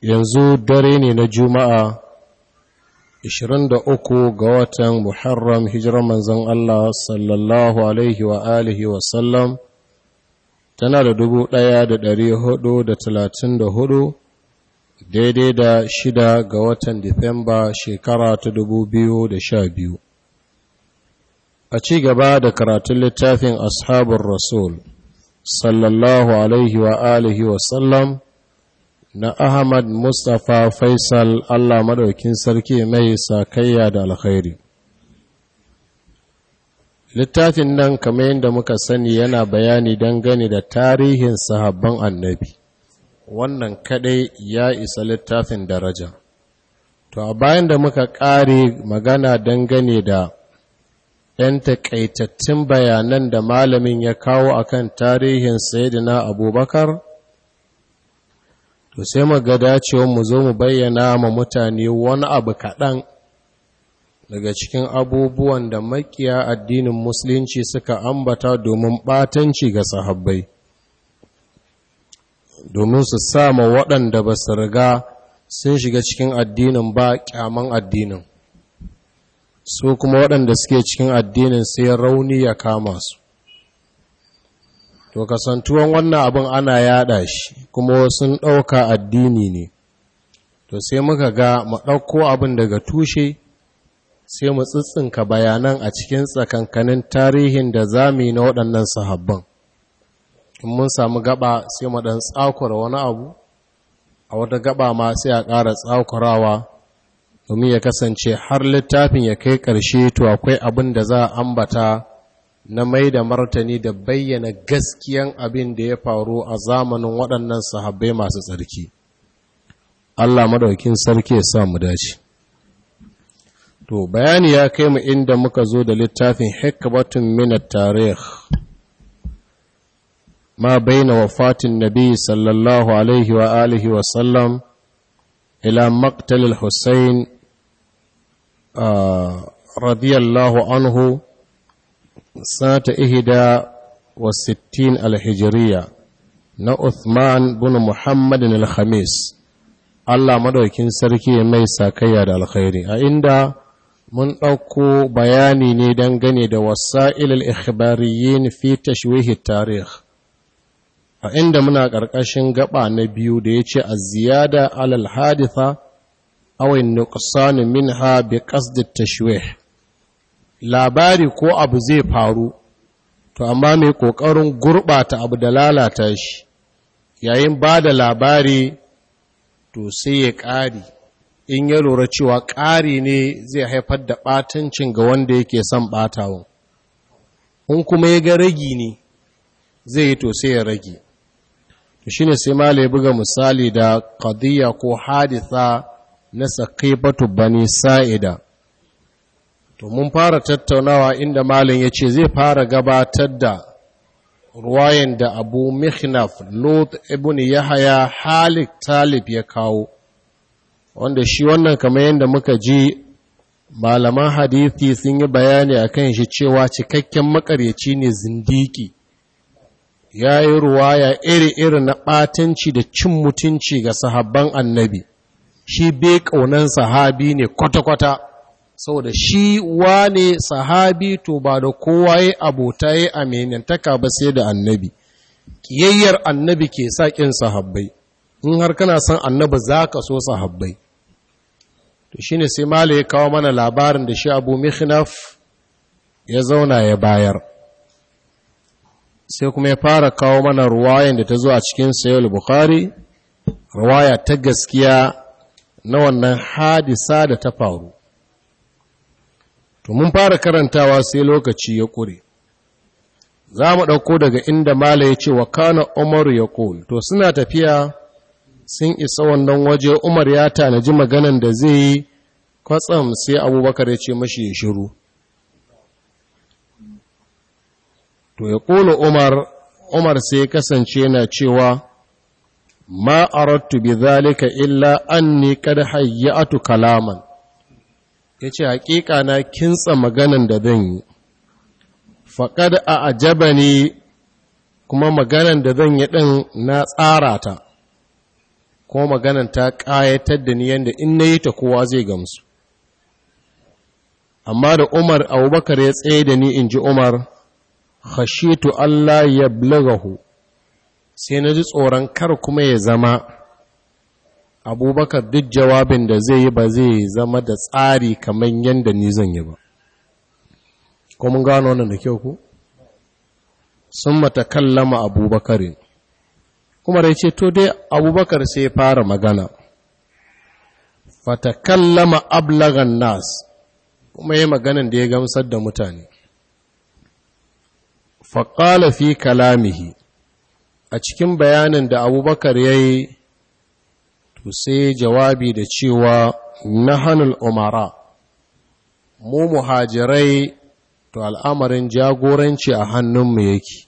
yanzu dare ne na juma'a 23 ga watan muharram hijirar manzan Allah sallallahu alaihi wa alihi wasallam tana da 1434 daidai da shida ga watan disamba shekara ta 2012 a ci gaba da karatun littafin ashabin rasul sallallahu alaihi wa alihi sallam, na Ahmad Mustapha Faisal Allah Madaukin sarki mai sakayya da alkhairi. Littafin nan kamar yadda muka sani yana bayani dangane da tarihin sahabban annabi, wannan kaɗai ya isa littafin daraja. To, a bayan da muka ƙare magana dangane da ‘yan taƙaitattun bayanan da malamin ya kawo akan tarihin Sayyidina Abubakar, to sai mu ga dacewa mu zo mu bayyana ma mutane wani abu kaɗan daga cikin abubuwan da makiya addinin musulunci suka ambata domin ɓatanci ga sahabbai domin su sama waɗanda ba su riga sun shiga cikin addinin ba kyaman addinin su kuma waɗanda suke cikin addinin sai rauni ya kama su to kasantuwan wannan abin ana yada shi kuma sun ɗauka addini ne to sai muka ga mu ɗauko abin daga tushe sai mu tsitsinka bayanan a cikin tsakankanin tarihin da zami na waɗannan sahabban in mun samu gaba sai mu ɗan tsakura wani abu a wata gaba ma sai a ƙara tsakurawa domin ya kasance har littafin ya kai ƙarshe to akwai abin da za a ambata na mai da martani da bayyana gaskiyan abin da ya faru a zamanin waɗannan sahabbai masu tsarki Allah madaukin sarki ya sa mu dace to bayani ya kai mu inda muka zo da littafin hikmatun min at-tarikh ma baina wafatin nabi sallallahu alaihi wa alihi wa sallam ila maqtal al-husayn ah, radiyallahu anhu sanata ihida wa sittin alhijiriya na Uthman bin Muhammadin al-Khamis Allah maɗaukin sarki mai sakayya da alkhairi a inda mun ɗauko bayani ne dangane da wasa'ilil ikhbariyyin fi tashwihi tarih a inda muna ƙarƙashin gaba na biyu da ya ce a ziyada alal haditha awin nuqsan minha bi qasd tashwih labari ko abu zai faru to amma mai ƙoƙarin gurɓata abu da lalata shi yayin ba da labari to sai ya ƙari in ya lura cewa ƙari ne zai haifar da ɓatancin ga wanda yake son ɓatawa in kuma ya ga ragi ne zai yi to sai ya rage to shine sai mala ya buga misali da ƙadiyya ko hadisa na saqifatu bani sa'ida to mun fara tattaunawa inda malin ya ce zai fara gabatar da ruwayan da abu mihnaf lot ibn yahaya halik talib ya kawo wanda shi wannan kamar yadda muka ji malaman hadithi sun yi bayani a kan shi cewa cikakken makaryaci ne zindiki ya yi ruwaya iri-iri na ɓatanci da cin mutunci ga sahabban annabi shi bai ƙaunan sahabi ne kwata-kwata saboda shi ne sahabi to ba da kowa ya abota ya amintaka ba sai da annabi kiyayyar annabi ke sa ƙin sahabbai in har kana son annabi za ka so sahabbai to shi ne sai mala ya kawo mana labarin da shi abu mihnaf ya zauna ya bayar sai kuma ya fara kawo mana ruwayan da ta zo a cikin sayol bukhari ruwaya ta gaskiya na wannan hadisa da ta faru to mun fara karantawa sai lokaci ya ƙure za mu ɗauko daga inda mala ya ce wa kana umaru ya ƙul to suna tafiya sun isa wannan waje umar ya tanaji maganan da zai yi kwatsam sai abubakar ya ce mashi ya shiru to ya ƙulu umar umar sai ya kasance na cewa ma arattu bi zalika illa anni kad hayyatu kalaman ya ce haƙiƙa na kintsa maganan da zan yi faƙad a ajaba ne kuma maganan da zan yi ɗin na tsara ta ko maganan ta ƙayatar da ni yadda in na yi ta kowa zai gamsu amma da umar abubakar ya tsaye da ni in ji umar kashetu Allah ya blagahu sai na ji tsoron kar kuma ya zama abubakar duk jawabin da zai yi ba zai zama da tsari kamar yadda ni zan yi ba ko mun gano wannan da kyau ku sun mata kallama abubakarin kuma da ce to dai abubakar sai fara magana fata kallama ablagan nas kuma ya maganan da ya gamsar da mutane faƙala fi kalamihi a cikin bayanin da abubakar ya yi sai jawabi da cewa na hannun umara mu muhajirai to al'amarin jagoranci a hannunmu yake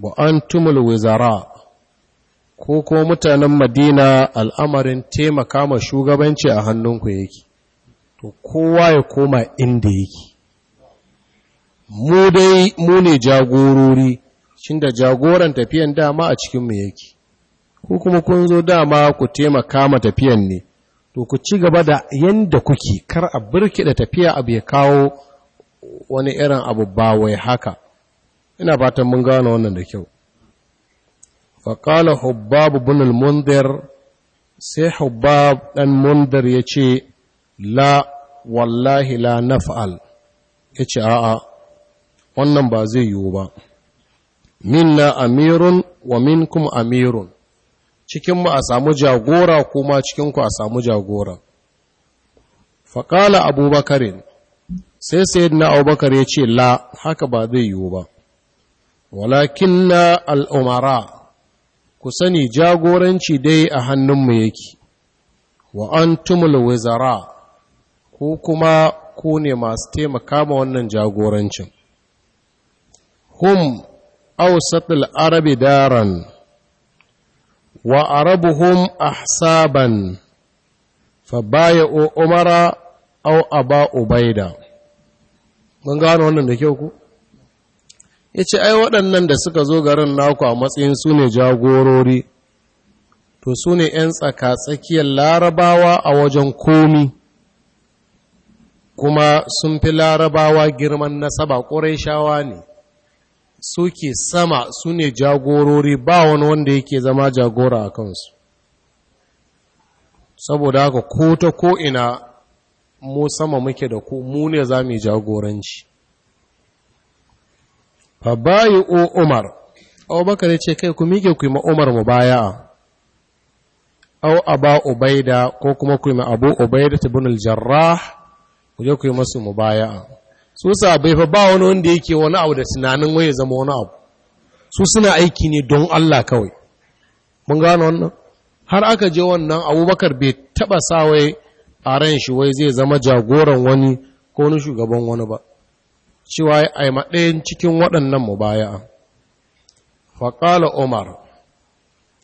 ba an tumul wizara ko ko mutanen madina al'amarin taimaka ma shugabanci a hannunku yake to kowa ya koma inda yake mu dai mu ne jagorori shi da jagoran tafiyan dama a cikinmu yake ko kuma kun zo dama ku taimaka ma tafiyan ne to ku ci gaba da yanda kuke kar a da tafiya abu ya kawo wani irin abu ba wai haka ina fatan mun gane wannan da kyau faƙala hubbab bin al sai hubbab dan mundir ya ce la wallahi la naf'al ya ce a'a wannan ba zai yiwu ba minna amirun wa minkum amirun cikinmu a samu jagora kuma cikinku a samu jagora faƙala abubakarin sai sayyid na abubakar ya ce la haka ba zai yiwu ba walakin na al'umara ku sani jagoranci dai a hannunmu yake wa an tumul wizara ko kuma ku ne masu taimaka ma wannan jagorancin hum ausatul arabi daran wa arabuhum ahsaban fa baya'u umara aw aba ubaida mun gano wannan da kyau ku yace ai waɗannan da suka zo garin naku a matsayin su ne jagorori to su ne 'yan tsaka-tsakiyar larabawa a wajen komi kuma sun fi larabawa girman nasaba ƙurai shawa ne suke sama su ne jagorori ba wani wanda yake zama jagora a kansu saboda haka ko ta ko'ina ina mu sama muke da ku mu ne za mu jagoranci fa bayi o umar abubakar ya ce kai ku mike ku yi ma umar mu baya au aba ubaida ko kuma ku yi ma abu ubaida ibn jarrah ku je ku yi masu mubaya'a su bai fa ba wani wanda yake wani abu da tunanin waye zama wani abu su suna aiki ne don Allah kawai mun gano wannan har aka je wannan abubakar bai taba sawai a ran shi wai zai zama jagoran wani ko wani shugaban wani ba cewa ai ɗayan cikin waɗannan mu baya. faƙala umar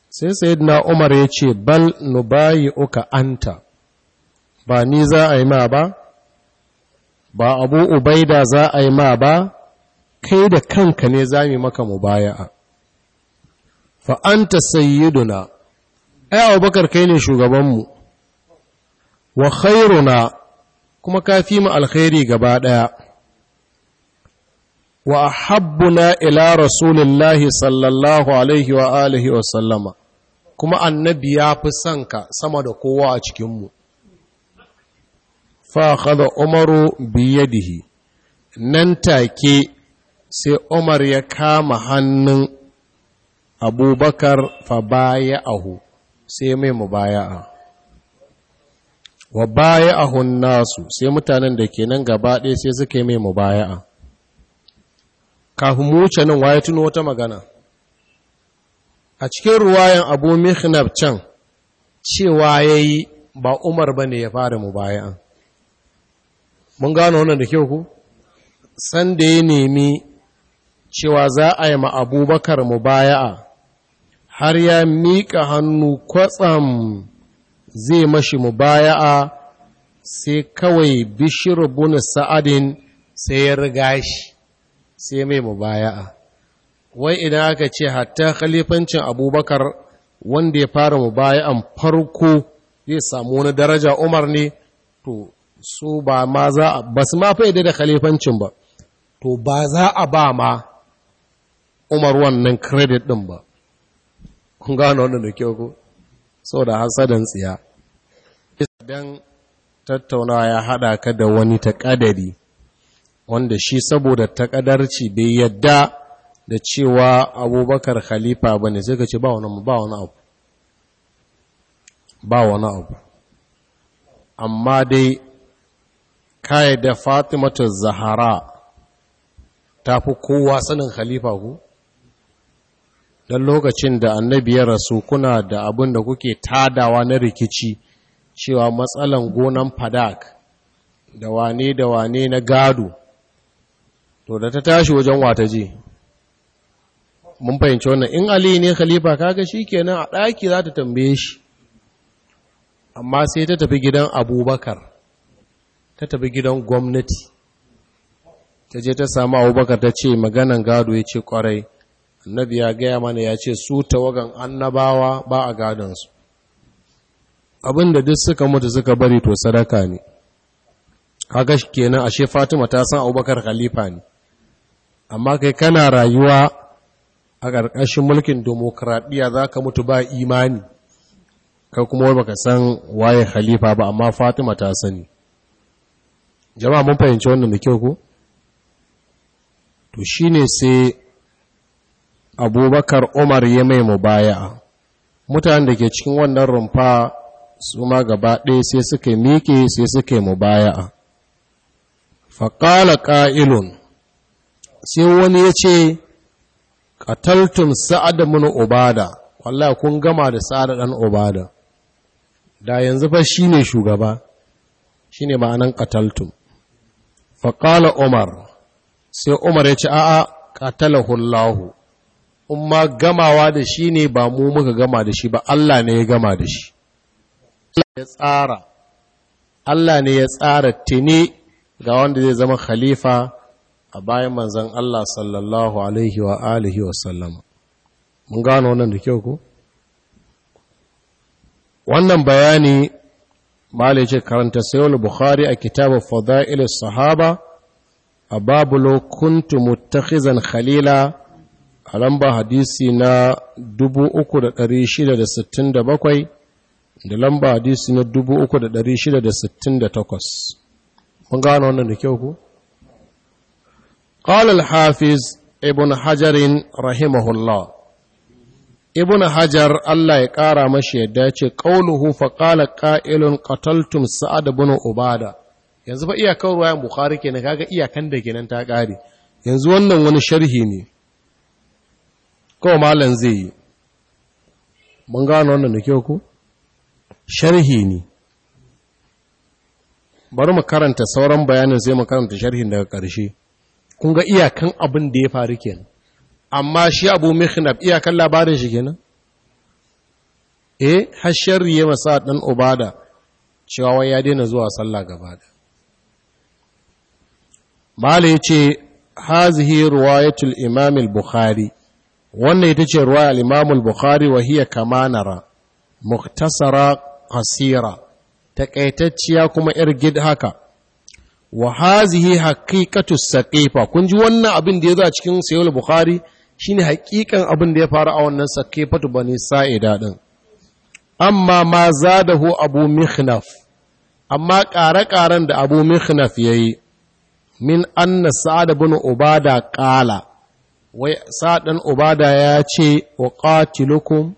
sai sayyidina umar ya ce bal nubayi uka anta ba ni za a yi ma ba ba abu ubaida za a yi ma ba kai da kanka ne za mu maka mu mubaya'a fa anta sayyiduna ai abubakar kai ne shugabanmu wa khairuna kuma ka fi mu alkhairi gaba ɗaya wa habbuna ila rasulillahi sallallahu alaihi wa alihi wa sallama kuma annabi ya fi son ka sama da kowa a cikinmu fa khadha umaru biyadihi nan take sai umar ya kama hannun abubakar fa baya'ahu sai mai mubaya'a wa baya'ahu nasu sai mutanen da ke nan gaba ɗaya sai suka yi mai mubaya'a kafin wuce nan waye tuno wata magana a cikin ruwayan abu mihnab can cewa ya yi ba umar ba ne ya fara mubaya'a mun gano wannan da kyau ku san da ya nemi cewa za a yi ma abubakar mubaya'a har ya miƙa hannu kwatsam zai mashi mu mubaya'a sai kawai bishir Buna sa'adin sai ya riga shi sai mai mu mubaya'a wai idan aka ce hatta khalifancin abubakar wanda ya fara mu mubaya'an farko zai samu wani daraja umar ne to su ba ma za a ba su ma faida da khalifancin ba to ba za a ba ma umar wannan credit din ba kun gano wannan da kyau ko sau da hasadan tsiya idan tattaunawa ya hada ka da wani takadari wanda shi saboda takadarci bai yadda da cewa abubakar khalifa ba ne sai ka ce ba wani ba wani abu ba wani abu amma dai kai da fatimatu zahara ta fi kowa sanin khalifa ku don lokacin da annabi ya rasu kuna da abin da kuke tadawa na rikici cewa matsalan gonan fadak da wane da wane na gado to da ta tashi wajen wata ji mun fahimci wannan in ali ne khalifa kaga kenan a ɗaki za ta tambaye shi amma sai ta tafi gidan abubakar ta tafi gidan gwamnati ta je ta samu abubakar ta ce maganan gado ya ce kwarai annabi ya gaya mana ya ce su tawagan annabawa ba a gadonsu abinda duk suka mutu suka bari to sadaka ne kaga kenan ashe fatima ta san abubakar khalifa ne amma kai kana rayuwa a ƙarƙashin mulkin demokradiyya za ka mutu ba imani ka kuma baka san waye khalifa ba amma fatima ta sani jama'a mun fahimci wannan da kyau ko to shine sai abubakar umar ya mai mubaya'a mutanen da ke cikin wannan rumfa su ma gaba ɗaya sai suka miƙe sai suka yi mubaya'a faƙala ƙa'ilun sai wani ya ce ƙataltun sa'ad mun obada wallah kun gama da sa'ad ɗan obada da yanzu fa shine shugaba shine ne ma'anan ƙataltun faƙala umar sai umar ya ci a'a ƙatalahullahu in ma gamawa da shi ne ba mu muka gama da shi ba Allah ne ya gama da shi ya tsara Allah ne ya tsara tini ga wanda zai zama khalifa a bayan manzan Allah sallallahu alaihi wa alihi wa sallama mun gano wannan da kyau ku, wannan bayani malai ce karanta sayul bukhari a kitabar fada'il sahaba a babulo kuntu muttakhizan khalila a lamba hadisi na 3667 da lamba hadisi na 3668 mun gano wannan da kyau ku قال Hafiz Ibn حجر رحمه الله ibn hajar Allah ya ƙara mashi yadda ce ƙaunuhu fa qala qa'ilun qataltum sa'ad ibn ubada yanzu fa iyakan ruwayan bukhari kenan kaga iyakan da kenan ta ƙare yanzu wannan wani sharhi ne kawai malam zai yi mun gano wannan da kyau ku sharhi ne bari mu karanta sauran bayanin sai mu karanta sharhin daga ƙarshe kun ga iyakan abin da ya faru kenan amma shi abu mihnab kan labarin shi kenan eh har sharri ya masa dan ubada cewa wai ya daina zuwa sallah gaba da mala yace hazihi riwayatul imam al-bukhari wannan ita ce riwayar al-imam al-bukhari wa hiya kamanara, nara qasira takaitacciya kuma yar gid haka wa hazihi haqiqatu saqifa kun ji wannan abin da ya a cikin sahih al-bukhari shine hakikan abin da ya faru a wannan fatu ba ne sa'ida daɗin. amma ma hu abu mihnaf amma ƙare-ƙaren da abu mihnaf yayi min an na sa'ad bin Obada ƙala, wai sa'ad ibn ubada ya ce wa qatilukum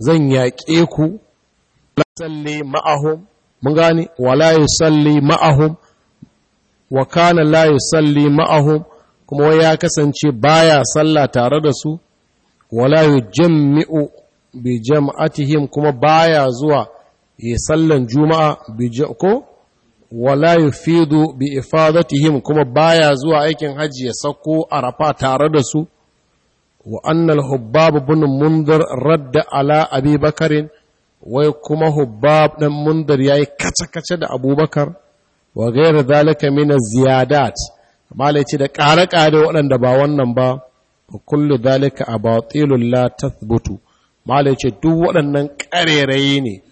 zan yaƙe ku la salli ma'ahum mun wa kana la yusalli ma'ahum kuma wai ya kasance baya sallah tare da su wala yujammi'u bi jam'atihim kuma baya zuwa ya sallan juma'a bi ko wala yufidu bi ifadatihim kuma baya zuwa aikin hajji ya sako arafa tare da su wa annal hubbab ibn mundhir radda ala abi bakarin wai kuma hubbab dan mundhir yayi kace kace da abubakar wa ghayr zalika min ziyadat mala ce da ƙare-ƙare waɗanda ba wannan ba ba kullu zalika a batilun la tathbutu mala ce duk waɗannan ƙarerayi ne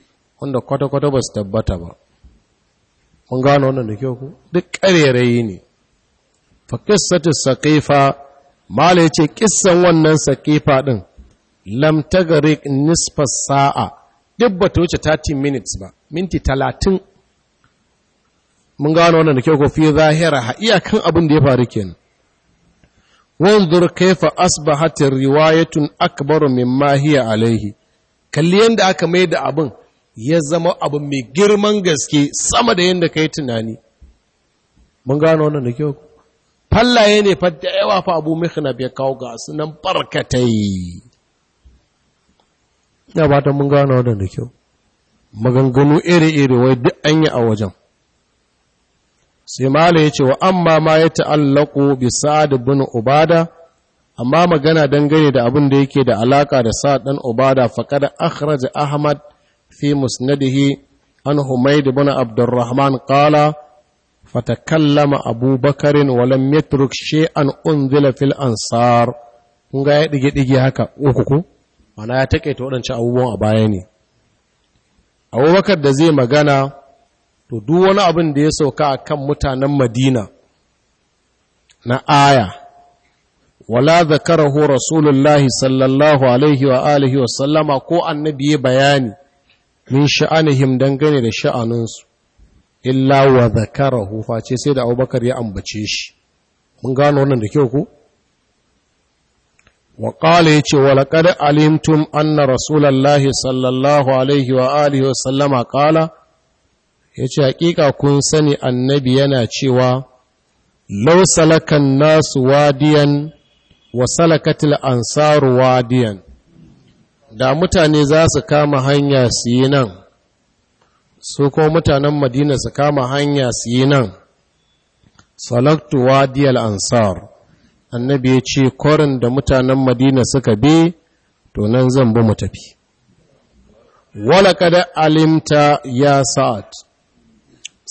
wanda kwata-kwata ba su tabbata ba mun gano wannan da kyau ku duk ƙarerayi ne fa qissatu saqifa mala ce kissan wannan saqifa din lam tagarik nisfa sa'a duk ba ta wuce 30 minutes ba minti talatin. mun gano wannan da kyau ko fi zahira iyakan abin da ya faru kenan wanzur kaifa asbahat riwayatun akbar mimma hiya alaihi kalli yanda aka mai da abin ya zama abu mai girman gaske sama da yanda kai tunani mun gano wannan da kyau fallaye ne fa da yawa fa abu mihnab ya kawo ga sunan barkatai ya ba ta mun gano wannan da kyau maganganu iri-iri wai duk an yi a wajen sai mala ya ce wa amma ma ya ta'allaku bisa sa'ad bin ubada amma magana dangane da abin da yake da alaka da sa'ad ɗan ubada da akhraja ahmad fi musnadihi an da bin abdurrahman qala fatakallama abubakarin wala lam yatruk an unzila fil ansar kun ga ya dige dige haka uku ko mana ya taƙaita waɗancan abubuwan a baya ne abubakar da zai magana to duk wani abin da ya sauka a kan mutanen madina na aya wala zakarahu rasulullahi sallallahu alaihi wa alihi wa sallama ko annabi ya bayani min sha'anihim dangane da sha'aninsu illa wa zakarahu face sai da abubakar ya ambace shi mun gano wannan da kyau ku wa qala yace wa laqad alimtum anna rasulullahi sallallahu alaihi wa alihi wa sallama qala ya ce hakika kun sani annabi yana cewa lau salakan nasu wadiyan wa salakatil ansaru wadiyan da mutane za su kama hanya su yi nan su ko mutanen madina su kama hanya su yi nan salaktu wadiyal ansar annabi ya ce korin da mutanen madina suka bi to nan zan bi mu tafi wala kada alimta ya sa'ad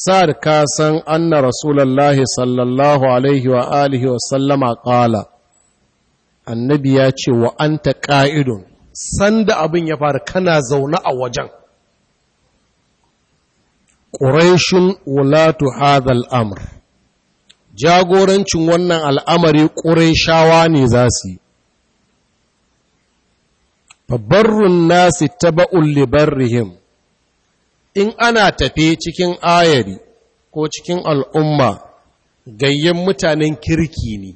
sa'ad ka san anna Rasulallah, sallallahu alaihi wa alihi wa sallama ƙala annabi ya ce wa an ta ƙa'idun sanda abin ya faru kana zaune a wajen ƙuraishin wulatu hadal amr jagorancin wannan al'amari ƙuraishawa ne za su yi babbarun nasi taba'un libarrihim in ana tafe cikin ayari ko cikin al'umma gayyen mutanen kirki ne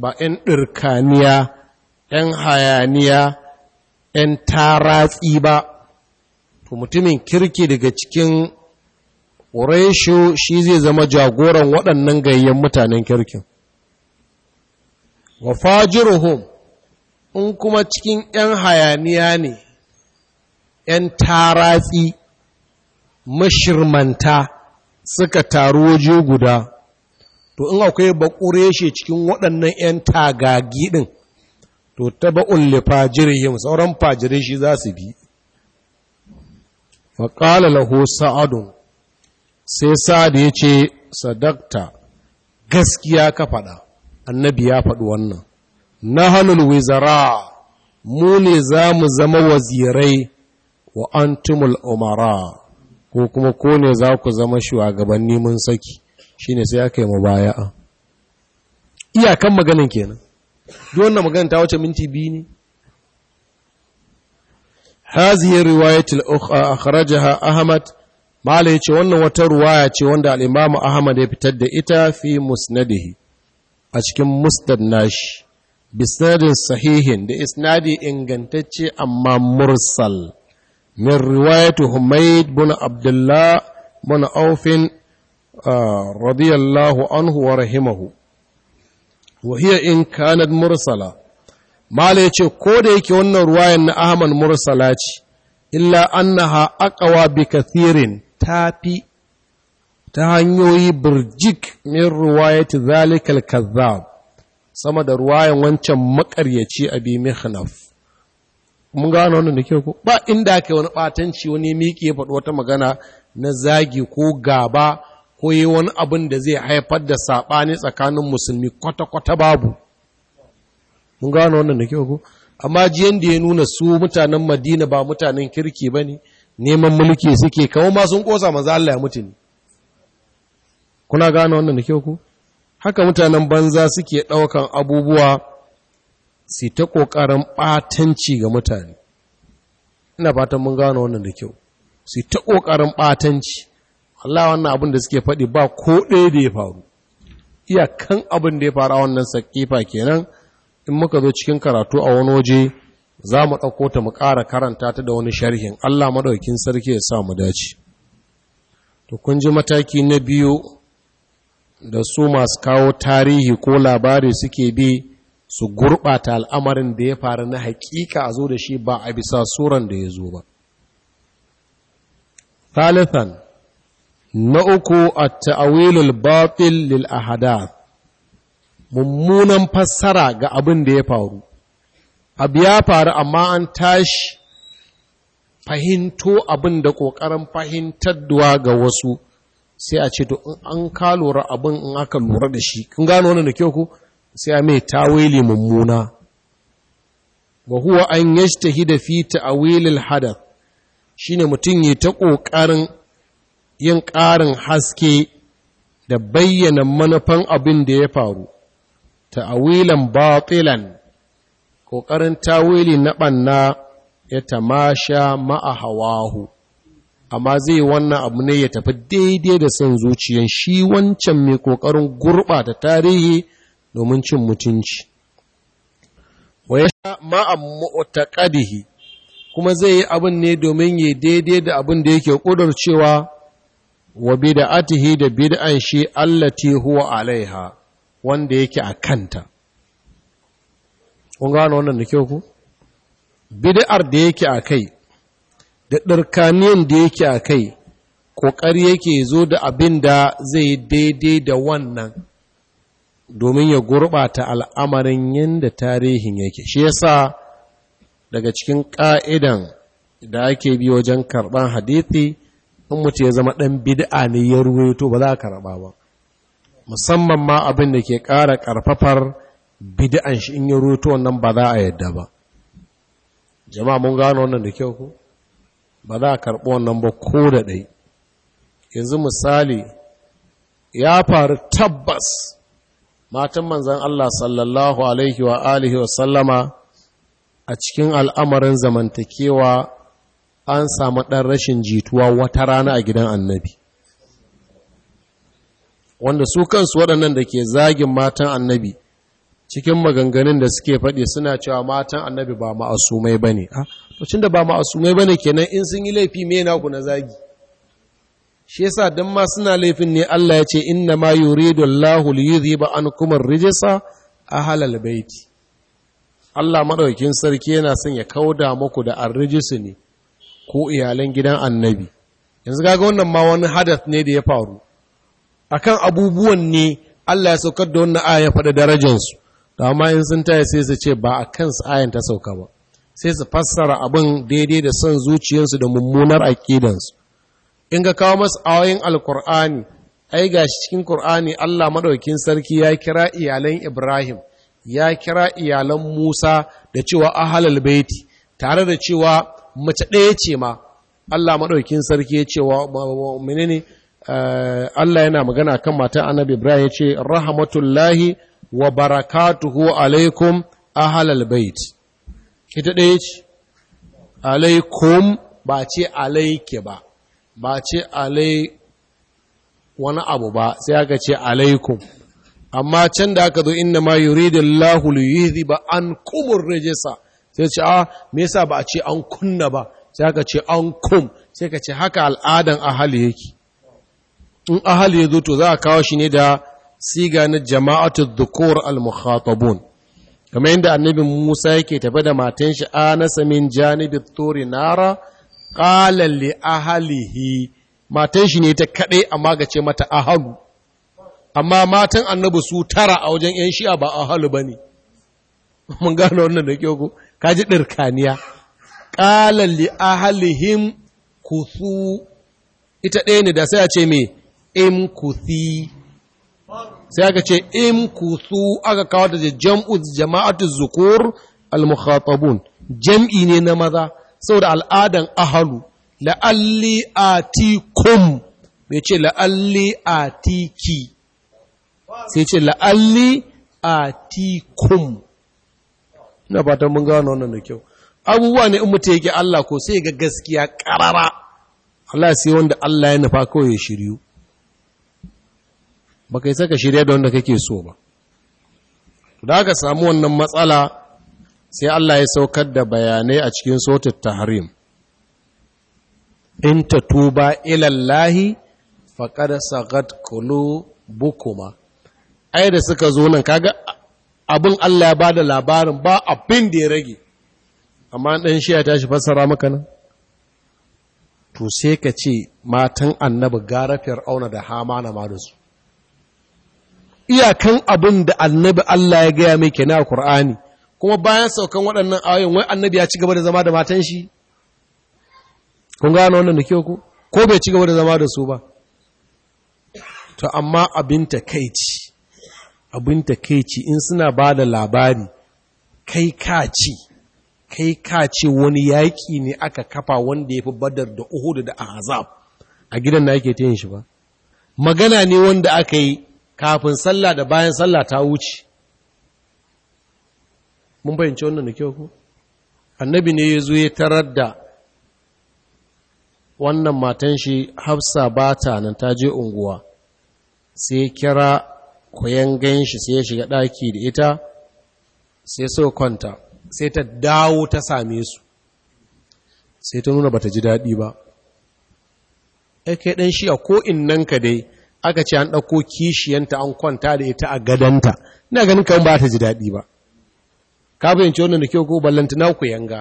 ba ‘yan ɗirkaniya, ‘yan hayaniya, ‘yan taratsi ba, to mutumin kirki daga cikin Ƙureshu shi zai zama jagoran waɗannan gayyen mutanen kirki. Wa fajiruhum in kuma cikin ‘yan hayaniya ne, ‘yan taratsi, mashirmanta suka taru waje guda to in akwai bakure shi cikin waɗannan 'yan tagagi ɗin to ta taba'un lifajirihim sauran fajirai shi za su bi faƙala laho sa'adun sai sa'ad ya ce sadakta gaskiya ka faɗa annabi ya faɗi wannan na hannun wizara mu ne za mu zama wazirai wa antumul umara ko kuma ko ne za ku zama shugabanni mun saki Shi ne sai aka yi mubaya'a iyakan maganin kenan duk wannan maganin ta wuce minti biyu ne Haziyar riwayatul ukhra akhrajaha ahmad mala ce wannan wata ruwaya ce wanda alimamu ahmad ya fitar da ita fi musnadihi a cikin musnad nashi bisnadin sahihin da isnadi ingantacce amma mursal من رواية حميد بن عبد الله بن أوف رضي الله عنه ورحمه وهي إن كانت مرسلة ما ليش كوديك وأن رواية أحمد مرسلة إلا أنها أقوى بكثير تابي تهنيوي برجيك من رواية ذلك الكذاب sama da ruwayan wancan makaryaci abi mihnaf mun gano wannan da kyau ko ba inda aka wani batanci wani miki ya faɗi wata magana na zagi ko gaba ko yi wani abin da zai haifar da saɓani tsakanin musulmi kwata-kwata babu mun gano wannan da kyau ko amma jiyan da ya nuna su mutanen madina ba mutanen kirki ba ne neman mulki suke kawo ma sun ƙosa ma Allah ya mutu kuna gano wannan da kyau ko haka mutanen banza suke ɗaukan abubuwa su ta ƙoƙarin ɓatanci ga mutane ina fatan mun gano wannan da kyau su ta ƙoƙarin ɓatanci Allah wannan abin da suke faɗi ba ko ɗaya da ya faru iya kan abin da ya faru a wannan sakifa kenan in muka zo cikin karatu a wani waje za mu ɗauko ta mu ƙara karanta ta da wani sharhin Allah maɗaukin sarki ya sa mu dace to kun ji mataki na biyu da su masu kawo tarihi ko labari suke bi su gurɓata al'amarin da ya faru na haƙiƙa a zo da shi ba a bisa suran da ya zo ba. talithan na uku a ta'awilul batil lil hada mummunan fassara ga abin da ya faru. Abu ya faru amma an tashi fahimto abin da ƙoƙarin fahimtarwa ga wasu sai a ce to an ka lura abin in aka lura da shi. Kun gano wannan da kyau ku? sai a mai tawili mummuna wa huwa an yajtahida fi ta'wilil hadath shine mutum yi ta ƙoƙarin yin ƙarin haske da bayyana manufan abin da ya faru ta'awilan batilan ƙoƙarin tawili na banna ya tamasha ma'a hawahu amma zai wannan abu ne ya tafi daidai da son zuciyan shi wancan mai ƙoƙarin gurɓata tarihi domin cin mutunci wa yasha ma'am mu'taqadihi kuma zai yi abin ne domin ya daidai da abin da yake cewa wa bid'atihi da bid'an shi allati huwa alaiha wanda yake a kanta kun gano wannan da kyau ku bid'ar da yake a kai da ɗarkaniyan da yake a kai ƙoƙari yake zo da abin da zai daidai da wannan domin ya gurɓata al'amarin yadda tarihin yake shi yasa daga cikin ƙa'idan da ake bi wajen karɓar hadithi in mutu ya zama ɗan bid'a ne ya ruwaito ba za a karɓa ba musamman ma abin da ke ƙara ƙarfafar bid'an shi in ya ruwaito wannan ba za a yadda ba jama'a mun gano wannan da kyau ku ba za a karɓi wannan ba ko da ɗai yanzu misali ya faru tabbas matan manzan Allah sallallahu alaihi wa alihi wa sallama a cikin al'amarin zamantakewa an samu ɗan rashin jituwa wata rana a gidan annabi wanda su kansu waɗannan da ke zagin matan annabi cikin maganganun da suke faɗi suna cewa matan annabi ba ma'asumai ba ne a ah, tocin da ba ma'asumai ba ne kenan in sun yi laifi mena ku na zagi shi yasa don ma suna laifin ne Allah ya ce inna ma yuridu Allahu li ba an kuma rijisa a halal baiti Allah maɗaukin sarki yana son ya kauda muku da an rijisu ne ko iyalan gidan annabi yanzu kaga wannan ma wani hadath ne da ya faru akan abubuwan ne Allah ya saukar da wannan aya ya faɗa darajarsu da amma in sun taya sai su ce ba a su ayan ta sauka ba sai su fassara abin daidai da son zuciyarsu da mummunar aƙidansu in ka kawo masu awayin alkur'ani ai ga shi cikin kur'ani Allah maɗaukin sarki ya kira iyalan Ibrahim ya kira iyalan Musa da cewa ahalal baiti tare da cewa mace ɗaya ce ma Allah maɗaukin sarki ya ce wa menene eh, Allah yana magana kan mata Annabi Ibrahim ya ce rahmatullahi wa barakatuhu alaikum ahalal bait ita ɗaya ce alaikum ba ce alaike ba ba ce alai wani abu ba sai aka ce alaikum amma can da aka zo inna ma zi ba an ar-rijsa sai ce a ah, me yasa ba a ce an kunna ba sai aka ce an kum sai ka ce haka al'adan ahali yake in ahali ya zo to za a kawo shi ne da siga na jama'atu dhukur al-mukhatabun kamar yadda annabi Musa yake tafe da matan shi na min janibi tori nara qala li matan shi ne ta kaɗai amma ga ce mata ahalu amma matan annabi su tara a wajen yan shi'a ba ahalu ne, mun gano wannan da kyau ko kaji dirkaniya qala li kuthu ita ɗaya ne da sai a ce mai im kuthi sai aka ce im kuthu aka kawo da jam'u jama'atu zukur al mukhatabun jam'i ne na maza saboda al'adan ahalu la'alli atikum mai ce la'alli atiki sai ce la'alli atikum ina fatan mun gano nan da kyau abubuwa ne in mutu yake Allah ko sai ga gaskiya ƙarara. Allah sai wanda Allah ya nufa kawai ya shiryu ba kai saka shirya da wanda kake so ba da aka samu wannan matsala sai Allah ya saukar da bayanai a cikin sotar tahrim in ta tuba ilallahi faƙada sagat bukuma ai da suka zo nan kaga abin Allah ya ba labarin ba abin da ya rage amma ɗan shi ya tashi fassara maka nan to sai ka ce matan annabi gara fir'auna da na ma da su iyakan abin da annabi Allah ya gaya mai kenan a Kur'ani kuma bayan saukan waɗannan ayoyin wai annabi ya ci gaba da zama da matan shi kun gano wannan da kyau ko bai ci gaba da zama da su ba to amma abin takeici abin takeici in suna ba da labari kai ka kai ka ce wani yaƙi ne aka kafa wanda ya fi badar da uhud da azab a gidan na yake ta yin shi ba magana ne wanda aka yi kafin sallah da bayan sallah ta wuce mun bayyance wannan da kyau ku annabi ne ya zo ya tarar da wannan matan shi hafsa ba ta nan ta je unguwa sai kira koyan ganshi sai ya shiga ɗaki da ita sai so kwanta sai ta dawo ta same su sai ta nuna bata ji daɗi ba kai ɗan shi a ko'in nan ka dai aka ce an ɗauko kishiyanta an kwanta da ita a gadanta ina ganin kan ba ta ji daɗi ba ka fahimci wannan da kyau ko ballantana ku yanga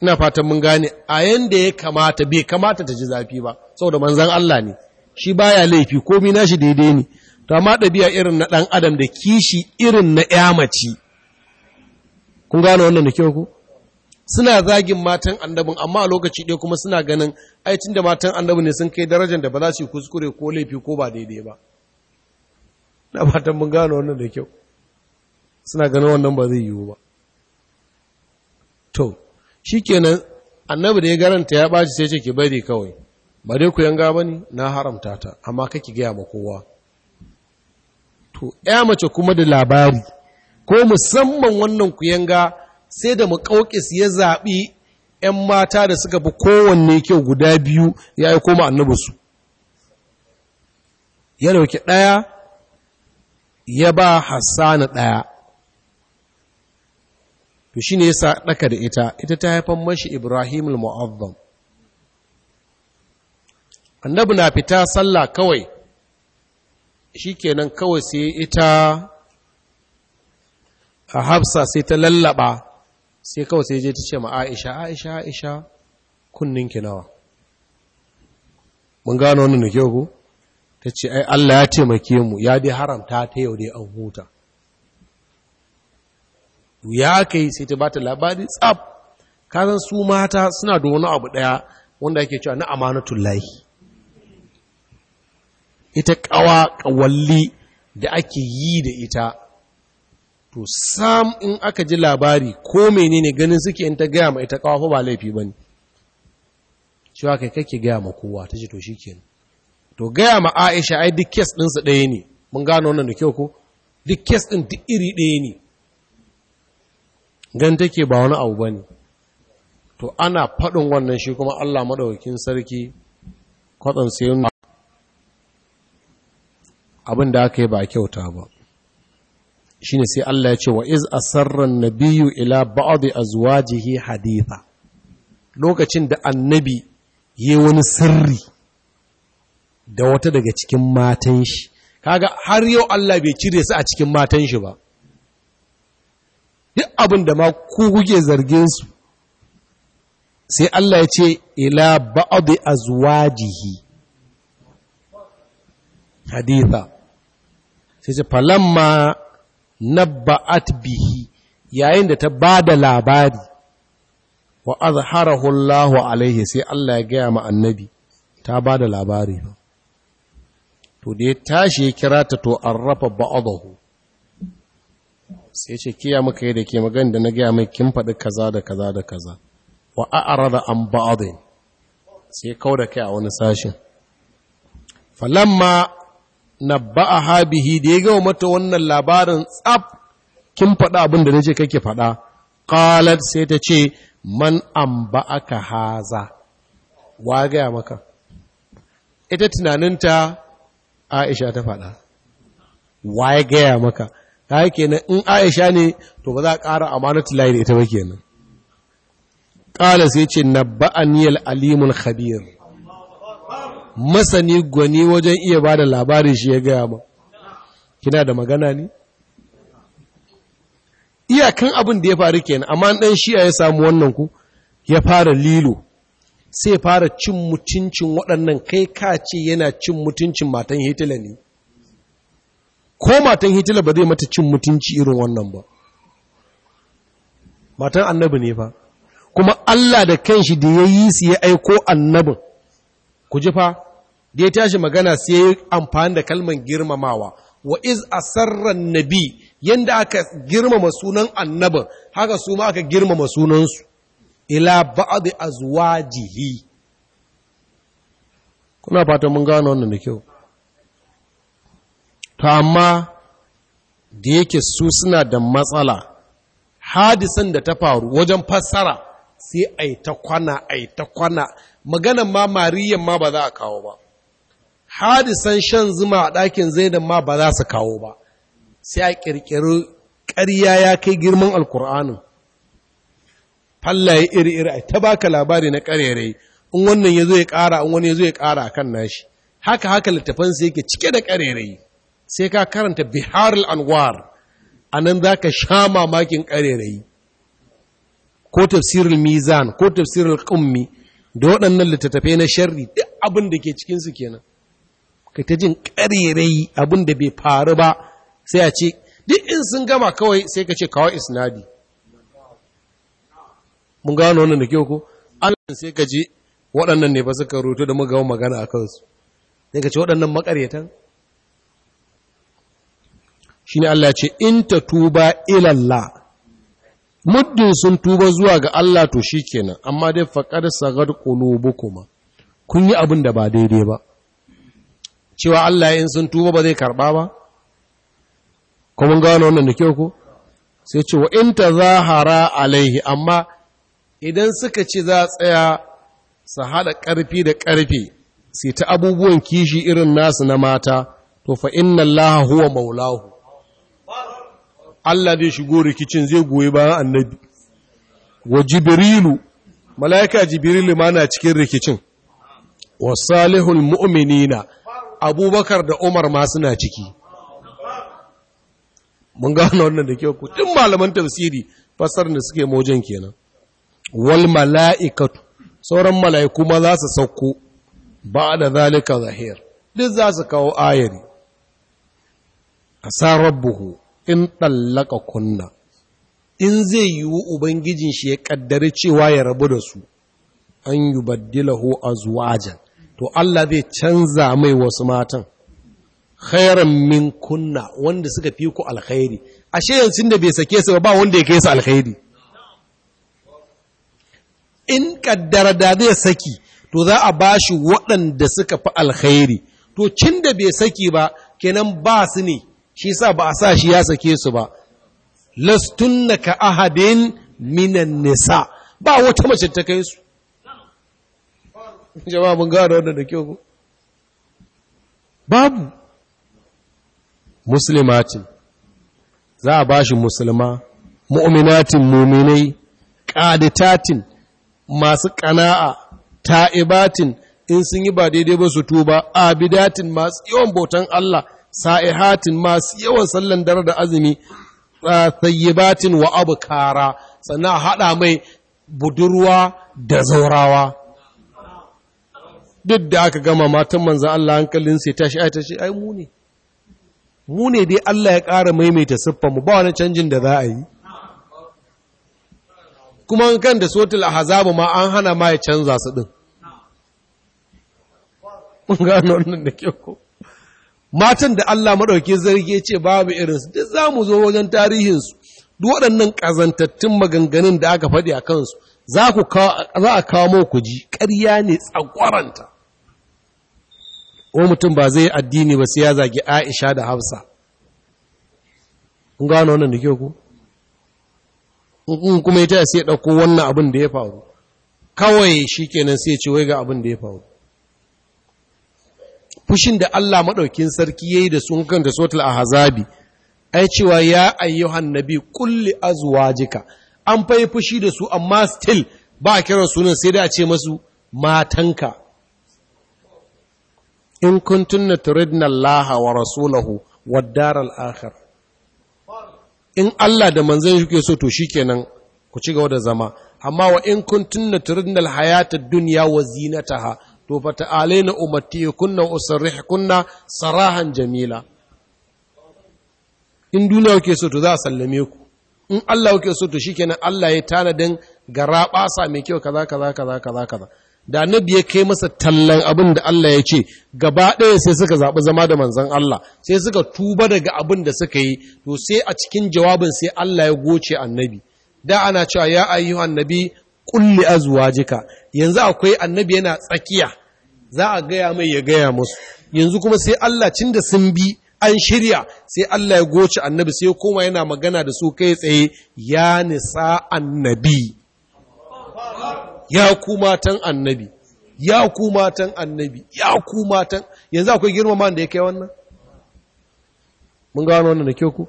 ina fatan mun gane a yanda ya kamata bai kamata ta ji zafi ba saboda manzan Allah ne shi baya laifi komai nashi daidai ne to amma ɗabi'a irin na ɗan adam da kishi irin na ƴamaci kun gane wannan da kyau ko? suna zagin matan annabin amma a lokaci ɗaya kuma suna ganin aicin da matan annabin ne sun kai darajar da ba za su yi kuskure ko laifi ko ba daidai ba na fatan mun gane wannan da kyau suna ganin wannan ba zai yiwu ba to shikenan annabi da ya garanta ya ɓaci sai ce ki bari kawai ba dai ku yanga bane na haramta ta amma kake gaya ma kowa to ya mace kuma da labari ko musamman wannan ku yanga sai da muƙauƙis ya zaɓi 'yan mata da suka fi kowanne kyau guda biyu ya yi koma su ya dauki ɗaya ya ba hassana ɗaya to ya sa daka da ita ita ta haifan mashi Ibrahim al-Mu'azzam annabi na fita sallah kawai shikenan kawai sai ita a Hafsa sai ta lallaba sai kawai sai je ta ce ma Aisha Aisha Aisha kunninki nawa mun gano wannan ne kyau ko ta ce ai Allah ya taimake mu ya dai haramta ta yau dai an huta ya kai sai ta bata labari tsab kazan su mata suna da wani abu daya wanda ake cewa na amanatul lahi ita kawa kawalli da ake yi da ita to sam in aka ji labari ko menene ganin suke in ta gaya ma ita kawa ko ba laifi bane cewa kai kake gaya ma kowa ta ce to shikenan to gaya ma Aisha ai duk kes ɗinsa ɗaya ne mun gano wannan da kyau ko duk kes ɗin duk iri ɗaya ne gan take ba wani abu bane to ana faɗin wannan shi kuma Allah maɗaukakin sarki kwatsan yin abin da aka yi ba kyauta ba shine sai Allah ya ce wa iz asarran nabiyyu ila ba'd azwajihi haditha lokacin da annabi yi wani sirri da wata daga cikin matan shi kaga har yau Allah bai cire su a cikin matan shi ba duk abin da ma ku kuke zargin su sai Allah ya ce ila ba'd azwajihi haditha sai ce falamma nabba'at bihi yayin da ta bada labari wa azharahu Allahu alaihi sai Allah ya gaya ma annabi ta bada labari to da ya tashi ya kira ta to arrafa ba'dahu sai ce kiya muka yi da ke magani da na gaya mai kin faɗi kaza da kaza da kaza wa da an ba'dhin sai kau da kai a wani sashin falamma nabba'aha habihi da ya gawa mata wannan labarin tsab kin faɗa abin da nace kake faɗa ƙalar sai ta ce man ka haza wa gaya maka ita tunaninta Aisha ta faɗa wa ya gaya maka ta kenan in aisha ne to ba za a ƙara amanatu layi da ita ba kenan ƙala sai ce na ba'aniyar alimun khabir masani gwani wajen iya ba da labarin shi ya gaya ma kina da magana ne iyakan abin da ya faru kenan amma ɗan shiya ya samu wannan ku ya fara lilo sai fara cin mutuncin waɗannan kai ka ce yana cin mutuncin matan hitila ne ko matan hitila ba zai mata cin mutunci irin wannan ba matan annabi ne ba kuma Allah da kanshi da ya yi su ya aiko annabin ku ji fa da ya tashi magana sai ya amfani da kalman girmamawa wa iz asarran nabi yanda aka girmama sunan annabin haka su ma aka girmama sunansu ila zuwa azwajihi kuna fatan mun gano wannan da kyau to amma da yake su suna da matsala hadisan da ta faru wajen fassara sai a yi ta kwana a yi ta kwana maganan ma mariyan ma ba za a kawo ba hadisan shan zuma a ɗakin zainan ma ba za su kawo ba sai a ƙirƙiri ƙarya ya kai girman alkur'anin fallaye iri-iri a ta baka labari na ƙarere in wannan ya zo ya ƙara in wani ya zo ya ƙara a kan nashi haka haka littafansa yake cike da ƙarere sai ka karanta bihar al’anwar a nan za ka sha mamakin ƙarerayi ko tafsirul mizan ko tafsirul ƙummi da waɗannan littattafai na sharri duk abin da ke cikinsu kenan kai ta jin ƙarerayi abin da bai faru ba sai a ce duk in sun gama kawai sai ka ce kawai isnadi mun gano wannan da kyau ko Allah sai ka ji waɗannan ne ba suka rutu da gama magana a kansu sai ka ce waɗannan makaryatan Shin Allah ce in ta tuba ilalla muddin sun tuba zuwa ga Allah to shikenan amma dai faƙar sagar sagad kuma kun yi abin da ba daidai ba cewa Allah in sun tuba ba zai karɓa ba kuma gano wannan da kyau ko sai ce wa in zahara alaihi amma idan suka ce za tsaya su haɗa ƙarfi da ƙarfi sai ta abubuwan kishi irin nasu na mata to fa inna Allah huwa maulahu Allah zai shigo rikicin zai goyi bayan annabi wa jibrilu mala'ika jibrilu ma na cikin rikicin wa salihul mu'minina abubakar da umar ma suna ciki mun ga wannan da kyau ku malaman tafsiri fasar da suke mojan kenan wal mala'ikatu sauran mala'iku ma za su sauko ba da zalika zahir duk za su kawo ayari a rabbuhu in ɗallaka kunna in zai yiwu ubangijin shi ya ƙaddari cewa ya rabu da su an yi baddilahu a zuwajen to Allah zai canza mai wasu matan khairan min kunna wanda suka fi ku alkhairi ashe yanzu da bai sake su ba wanda ya kai su alkhairi in kaddara da zai saki to za a bashi waɗanda suka fi alkhairi to cin da bai saki ba kenan ba su ne shi sa ba a sa shi ya sake su ba lastunna ka ahadin minan nisa ba wata mace ta kai su jama'a mun da kyau babu muslimatin za a bashi musulma mu'minatin muminai ƙaditatin masu ƙana'a, ta'ibatin in sun yi ba daidai ba su tuba abidatin masu yawan bautan Allah sa'ihatin masu yawan sallan dare da azumi tsayyibatin wa abu abukara sannan a haɗa mai budurwa da zaurawa duk da aka gama matan manzan Allah hankalinsu ya tashi aita tashi ai mu ne mu ne dai Allah ya ƙara maimaita siffanmu ba wani canjin da za a yi kuma an kan da a hazabu ma an hana ma ya canza su ɗin. mun gano wannan da kyau ko matan da Allah maɗauki zarge ce babu irinsu duk za mu zo wajen tarihinsu duk waɗannan ƙazantattun maganganun da aka faɗi a kansu za a kawo ku ji ƙarya ne tsakwaranta ko mutum ba zai addini ba sai ya zagi aisha da hafsa kun gano wannan da ke ku in kuma ya ta sai ɗauko wannan abin da ya faru kawai shi kenan sai ce wai ga abin da ya faru fushin da Allah maɗaukin sarki ya yi da sun kan da sotul a hazabi, ai cewa ya ayyuhan nabi azuwa jika. an fai fushi da su amma still ba a kira sunan sai da a ce masu matanka. In kuntunna turidna Allah wa rasulahu wa daral akhir. In Allah da manzan shi ke so to shi kenan ku ci gaba da zama amma wa in kuntunna turidna al-hayata duniya dunya wa zinataha to fa ta'alaina ummati kunna usarrih kunna sarahan jamila in duniya kuke so to za a sallame ku in Allah kuke so to shikenan Allah ya tanadin gara basa mai kyau kaza kaza kaza kaza kaza da annabi ya kai masa tallan abin da Allah ya ce gaba ɗaya sai suka zaɓi zama da manzon Allah sai suka tuba daga abin da suka yi to sai a cikin jawabin sai Allah ya goce annabi da ana cewa ya ayyuhan nabi kulli azwajika yanzu akwai annabi yana tsakiya za a gaya mai ya gaya musu yanzu kuma sai Allah cin da sun bi an shirya sai Allah ya goce annabi sai koma yana magana da su kai tsaye ya nisa annabi ya kumatan annabi ya kumatan annabi ya kumatan. yanzu akwai girmama da ya kai wannan mun gano wannan da kyau ku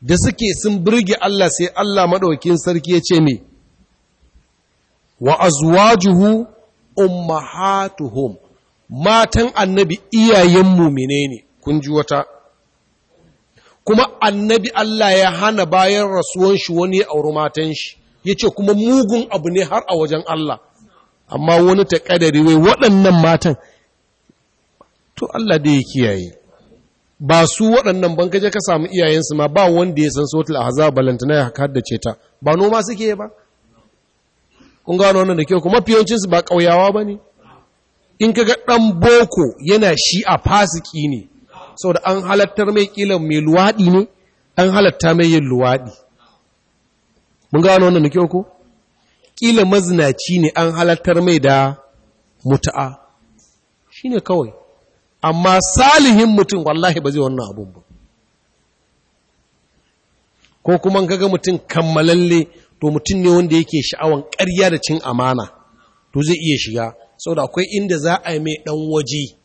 da suke sun burge Allah sai Allah madaukakin sarki ya ce me wa azwajuhu ummahatuhum matan annabi iyayen mumine ne kun ji wata kuma annabi Allah ya hana bayan rasuwan shi wani ya auri matan shi yace kuma mugun abu ne har a wajen Allah amma wani ta kadari wai waɗannan matan to Allah da ya kiyaye ba su waɗannan ban ka samu iyayensu ma ba wanda ya san sotul ahzab balantana ya haddace ta ba noma suke ba kun gano wannan da kyau kuma fiyancinsu ba ƙauyawa ba ne in ka ga ɗan boko yana shi a fasiki ne saboda an halattar mai ƙila mai luwaɗi ne an halatta mai yin luwaɗi mun gano wannan da kyau ko ƙila mazinaci ne an halattar mai da mutu'a shi ne kawai amma salihin mutum wallahi ba zai wannan abun ba ko kuma ga mutum kammalalle to mutum ne wanda yake sha'awan ƙarya da cin amana to zai iya shiga saboda akwai inda za a yi mai ɗan waje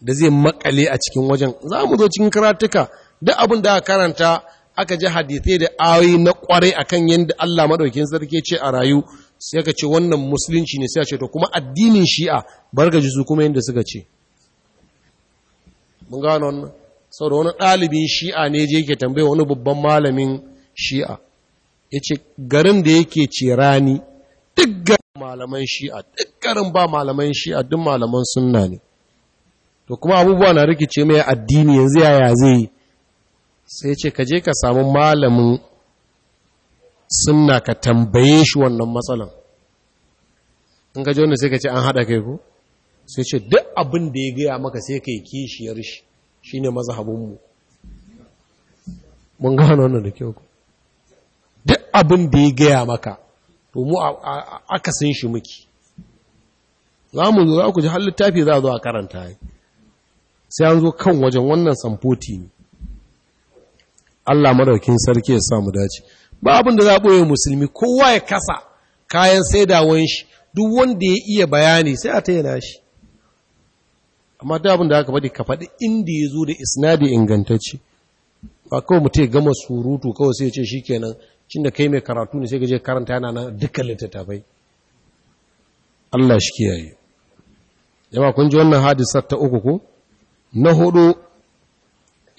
da zai makale a cikin wajen za mu zo cikin karatuka Da abin da aka karanta aka ji hadithai da ayoyi na kwarai akan yadda Allah madaukakin sarki ce a rayu sai ka ce wannan musulunci ne sai a ce to kuma addinin shi'a ga jisu kuma yadda suka ce mun gano wannan saboda wani ɗalibin shi'a ne je yake tambaye wani babban malamin shi'a ya ce garin da yake ce rani duk malaman shi'a duk garin ba malaman shi'a duk malaman sunna ne to kuma abubuwa na rikice mai addini yanzu yaya zai sai ce ka je ka samu malamin sunna ka tambaye shi wannan matsalan in ka ji sai ka ce an haɗa kai ko sai ce duk abin da ya gaya maka sai ka yi kishiyar shi shi ne mazhabinmu mun gano wannan da kyau abin da ya gaya maka to mu aka san shi muke za mu zo za ku ji har littafi za a zo a karanta yi sai an zo kan wajen wannan samfoti ne Allah madaukin sarki ya samu dace ba abin da za ɓoye musulmi kowa ya kasa kayan saidawan shi duk wanda ya iya bayani sai a tayyana shi amma da abin da aka faɗi ka faɗi inda ya zo da isnadi ingantacce ba kawai mutum ya gama surutu kawai sai ya ce shi kenan shi da kai mai karatu ne sai ka je karanta yana nan dukkan littattafai Allah shi kiyaye yawa kun ji wannan hadisar ta uku ko na hudu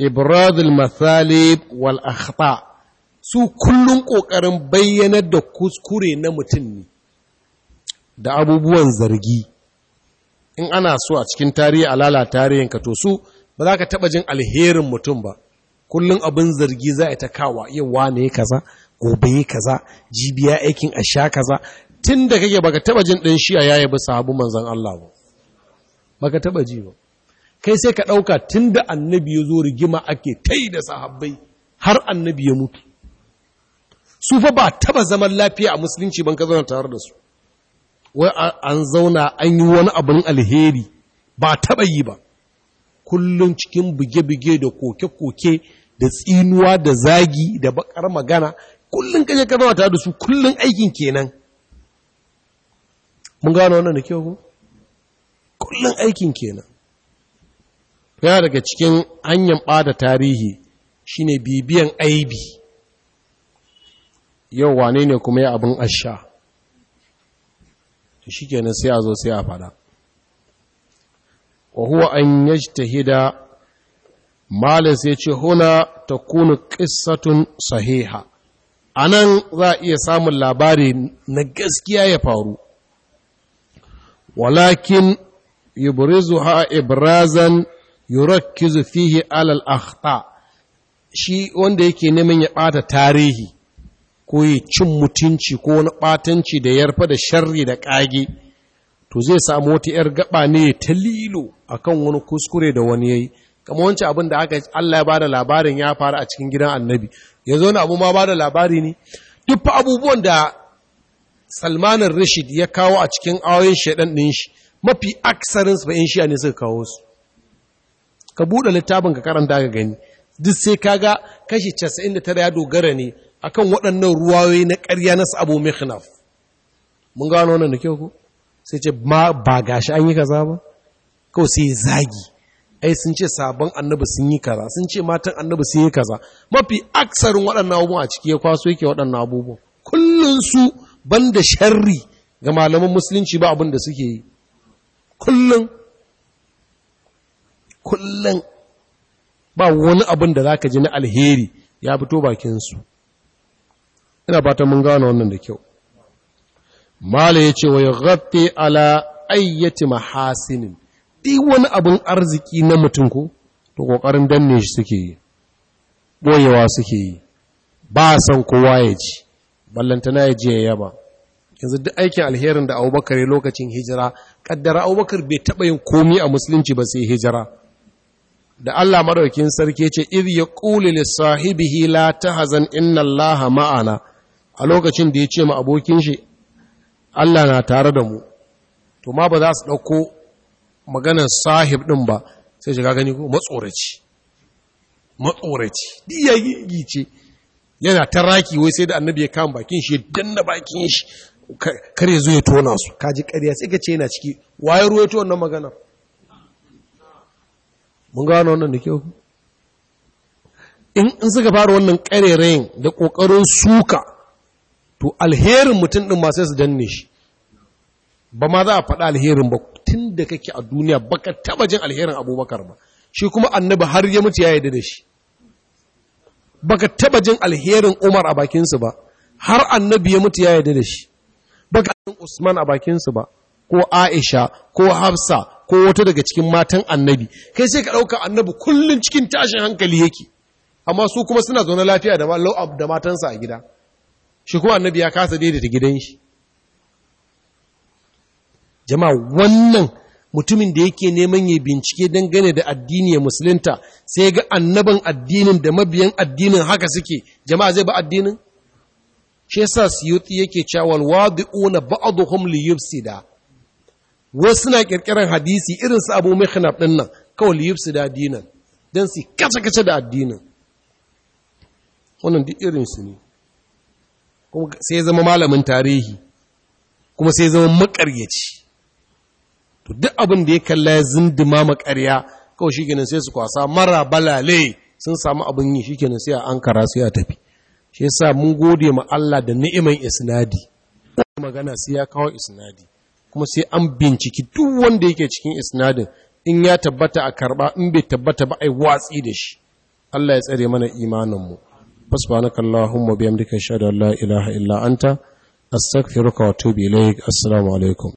ibradul mathalib wal akhta su kullum kokarin bayyanar da kuskure na mutum ne da abubuwan zargi in ana so a cikin tarihi alala tarihin ka to su ba za ka taba jin alherin mutum ba Kullum abin zargi za a ta kawa yawa ne kaza gobe yi kaza jibiya aikin a sha kaza tun da kake baka taba jin ɗin shi a yayi ba sahabu manzan Allah ba baka taba ji ba kai sai ka ɗauka tun da annabi ya zo rigima ake tai da sahabbai har annabi ya mutu su fa ba taba zaman lafiya a musulunci ban ka zauna tare da su wai an zauna an yi wani abin alheri ba taba yi ba kullum cikin buge-buge da koke-koke da tsinuwa da zagi da bakar magana kullum kaje ka zama tare da su kullum aikin kenan mun gano wannan da kyau ko kullum aikin kenan ya daga cikin hanyar bada tarihi shine bibiyan aibi yau wane ne kuma ya abin asha to kenan sai a zo sai a fada wa huwa an yajtahida sai yace huna takunu qissatun sahiha a nan za a iya samun labari na gaskiya ya faru walakin yubrizuha ibrazan yurakkizu fihi alal akhta shi wanda yake neman ya bata tarihi ko ya cin mutunci ko wani batanci da yarfa da sharri da kage to zai samu wata yar gaba ne ta lilo akan wani kuskure da wani yayi kamar wancan abin da aka Allah ya bada labarin ya faru a cikin gidan annabi yanzu wani abu ma ba da labari ne duk fa abubuwan da salmanin rashid ya kawo a cikin ayoyin shaidan ɗin shi mafi aksarin su ba'in shiya ne suka kawo su ka buɗe littafin ka karanta ka gani duk sai kaga kashi 99 ya dogara ne akan waɗannan ruwayoyi na ƙarya na abu mekhnaf mun gano wannan da kyau ko sai ce ba gashi an yi kaza ba kawai sai zagi ai sun ce sabon annabi sun yi kaza sun ce matan annabi sun yi kaza mafi aksarin waɗannan abubuwan a ciki ya kwaso yake waɗannan abubuwa. kullun su ban da sharri ga malaman musulunci ba abin da suke yi kullun kullun ba wani abin da zaka ji na alheri ya fito bakin su ina fatan mun gane wannan da kyau mala yace wa yaghatti ala ayyati mahasinin wani abin arziki na mutum ko to kokarin danne shi suke yi boyewa suke yi ba san kowa ya ji ballantana ya ji ya yaba yanzu duk aikin alherin da Abubakar ya lokacin hijira kaddara Abubakar bai taɓa yin komi a musulunci ba sai hijira da Allah maraukin sarki ce ya yaqulu li sahibihi la hazan inna Allaha ma'ana a lokacin da ya ce ma abokin shi Allah na tare da mu to ma ba za su ɗauko maganar sahib ɗin ba sai shiga gani ko matsoraci matsoraci yi ce. yana taraki wai sai da annabi ya kama bakin shi ya danna bakin shi kar ya zo ya tona su kaji ƙarya sai ka ce yana ciki waye ruwa ta wannan magana mun gano wannan da kyau in suka fara wannan ƙarerayin da ƙoƙarin suka to alherin mutum ɗin ma sai su danne shi ba ma za a faɗa alherin ba tun da kake a duniya ba ka taɓa jin alherin abubakar ba shi kuma annabi har ya mutu ya yi da shi ba ka taɓa jin alherin umar a bakinsu ba har annabi ya mutu ya yi da shi ba ka jin usman a bakinsu ba ko aisha ko hafsa ko wata daga cikin matan annabi kai sai ka ɗauka annabi kullum cikin tashin hankali yake amma su kuma suna zaune lafiya da matansa a gida shi kuma annabi ya kasa daidaita gidan shi jama'a wannan mutumin da yake neman ya bincike don dangane da addini ya musulunta sai ga annaban addinin da mabiyan addinin haka suke jama'a zai ba addinin shi yasa siyuti yake cewa ba'adu homli yubsi da wasu na kirkiran hadisi irin su Abu Mikhnaf din nan kawai yubsi da addinin Don su kace kace da addinin wannan duk irin su ne kuma sai zama malamin tarihi kuma sai zama makaryaci to duk abin da ya kalla ya zindima makarya kawai shi kenan sai su kwasa mara balale sun samu abin yi shi kenan sai a ankara sai a tafi shi yasa mun gode ma Allah da ni'iman isnadi magana sai ya kawo isnadi kuma sai an binciki duk wanda yake cikin isnadin in ya tabbata a karba in bai tabbata ba ai watsi da shi Allah ya tsare mana imanin mu subhanaka allahumma bihamdika ashhadu an la ilaha illa anta astaghfiruka wa atubu ilaik assalamu alaikum